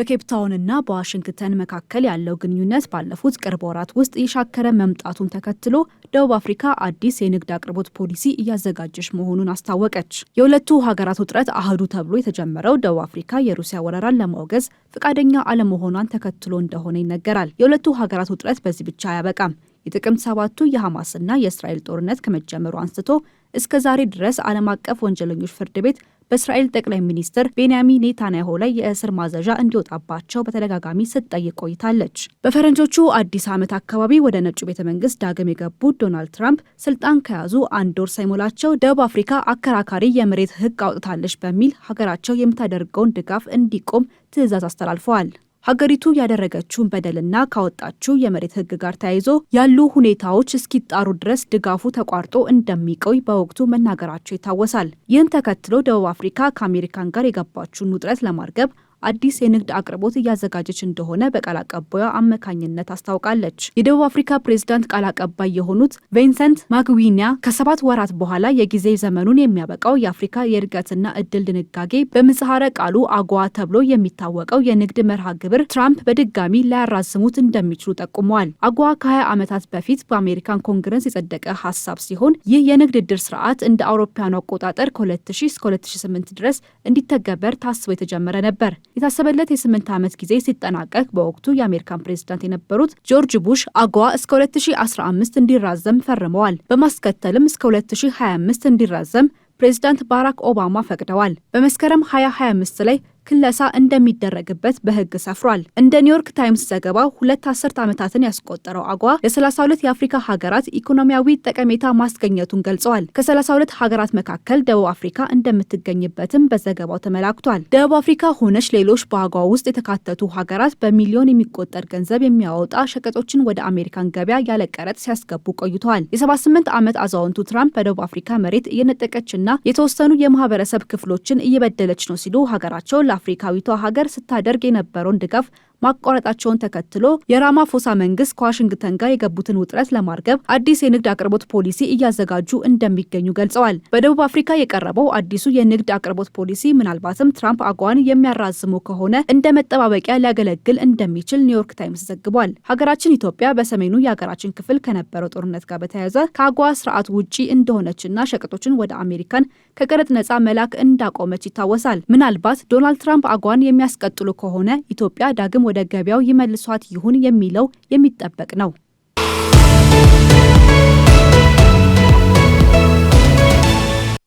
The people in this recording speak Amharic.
በኬፕታውንና በዋሽንግተን መካከል ያለው ግንኙነት ባለፉት ቅርብ ወራት ውስጥ የሻከረ መምጣቱን ተከትሎ ደቡብ አፍሪካ አዲስ የንግድ አቅርቦት ፖሊሲ እያዘጋጀች መሆኑን አስታወቀች። የሁለቱ ሀገራት ውጥረት አህዱ ተብሎ የተጀመረው ደቡብ አፍሪካ የሩሲያ ወረራን ለማውገዝ ፈቃደኛ አለመሆኗን ተከትሎ እንደሆነ ይነገራል። የሁለቱ ሀገራት ውጥረት በዚህ ብቻ አያበቃም። የጥቅምት ሰባቱ የሐማስና የእስራኤል ጦርነት ከመጀመሩ አንስቶ እስከ ዛሬ ድረስ ዓለም አቀፍ ወንጀለኞች ፍርድ ቤት በእስራኤል ጠቅላይ ሚኒስትር ቤንያሚን ኔታንያሁ ላይ የእስር ማዘዣ እንዲወጣባቸው በተደጋጋሚ ስትጠይቅ ቆይታለች። በፈረንጆቹ አዲስ ዓመት አካባቢ ወደ ነጩ ቤተ መንግስት ዳግም የገቡት ዶናልድ ትራምፕ ስልጣን ከያዙ አንድ ወር ሳይሞላቸው ደቡብ አፍሪካ አከራካሪ የመሬት ህግ አውጥታለች በሚል ሀገራቸው የምታደርገውን ድጋፍ እንዲቆም ትዕዛዝ አስተላልፈዋል። ሀገሪቱ ያደረገችውን በደልና ካወጣችው የመሬት ሕግ ጋር ተያይዞ ያሉ ሁኔታዎች እስኪጣሩ ድረስ ድጋፉ ተቋርጦ እንደሚቆይ በወቅቱ መናገራቸው ይታወሳል። ይህን ተከትሎ ደቡብ አፍሪካ ከአሜሪካን ጋር የገባችውን ውጥረት ለማርገብ አዲስ የንግድ አቅርቦት እያዘጋጀች እንደሆነ በቃል አቀባዩ አመካኝነት አስታውቃለች። የደቡብ አፍሪካ ፕሬዝዳንት ቃል አቀባይ የሆኑት ቬንሰንት ማግዊኒያ ከሰባት ወራት በኋላ የጊዜ ዘመኑን የሚያበቃው የአፍሪካ የእድገትና እድል ድንጋጌ በምጽሐረ ቃሉ አጓ ተብሎ የሚታወቀው የንግድ መርሃ ግብር ትራምፕ በድጋሚ ላያራዝሙት እንደሚችሉ ጠቁመዋል። አጓ ከ20 ዓመታት በፊት በአሜሪካን ኮንግረስ የጸደቀ ሀሳብ ሲሆን ይህ የንግድ እድል ስርዓት እንደ አውሮፓውያኑ አቆጣጠር ከ2000 እስከ 2008 ድረስ እንዲተገበር ታስቦ የተጀመረ ነበር። የታሰበለት የስምንት ዓመት ጊዜ ሲጠናቀቅ በወቅቱ የአሜሪካን ፕሬዝዳንት የነበሩት ጆርጅ ቡሽ አጎዋ እስከ 2015 እንዲራዘም ፈርመዋል። በማስከተልም እስከ 2025 እንዲራዘም ፕሬዝዳንት ባራክ ኦባማ ፈቅደዋል። በመስከረም 2025 ላይ ክለሳ እንደሚደረግበት በህግ ሰፍሯል። እንደ ኒውዮርክ ታይምስ ዘገባ ሁለት አስርት ዓመታትን ያስቆጠረው አጓ ለ32 የአፍሪካ ሀገራት ኢኮኖሚያዊ ጠቀሜታ ማስገኘቱን ገልጸዋል። ከ32 ሀገራት መካከል ደቡብ አፍሪካ እንደምትገኝበትም በዘገባው ተመላክቷል። ደቡብ አፍሪካ ሆነች ሌሎች በአጓ ውስጥ የተካተቱ ሀገራት በሚሊዮን የሚቆጠር ገንዘብ የሚያወጣ ሸቀጦችን ወደ አሜሪካን ገበያ ያለ ቀረጥ ሲያስገቡ ቆይተዋል። የ78 ዓመት አዛውንቱ ትራምፕ በደቡብ አፍሪካ መሬት እየነጠቀችና የተወሰኑ የማህበረሰብ ክፍሎችን እየበደለች ነው ሲሉ ሀገራቸው ለአፍሪካዊቷ ሀገር ስታደርግ የነበረውን ድጋፍ ማቋረጣቸውን ተከትሎ የራማፎሳ መንግስት ከዋሽንግተን ጋር የገቡትን ውጥረት ለማርገብ አዲስ የንግድ አቅርቦት ፖሊሲ እያዘጋጁ እንደሚገኙ ገልጸዋል። በደቡብ አፍሪካ የቀረበው አዲሱ የንግድ አቅርቦት ፖሊሲ ምናልባትም ትራምፕ አጓን የሚያራዝሙ ከሆነ እንደ መጠባበቂያ ሊያገለግል እንደሚችል ኒውዮርክ ታይምስ ዘግቧል። ሀገራችን ኢትዮጵያ በሰሜኑ የሀገራችን ክፍል ከነበረው ጦርነት ጋር በተያያዘ ከአጓ ስርዓት ውጪ እንደሆነችና ሸቀጦችን ወደ አሜሪካን ከቀረጥ ነጻ መላክ እንዳቆመች ይታወሳል። ምናልባት ዶናልድ ትራምፕ አጓን የሚያስቀጥሉ ከሆነ ኢትዮጵያ ዳግም ወደ ገበያው ይመልሷት ይሆን የሚለው የሚጠበቅ ነው።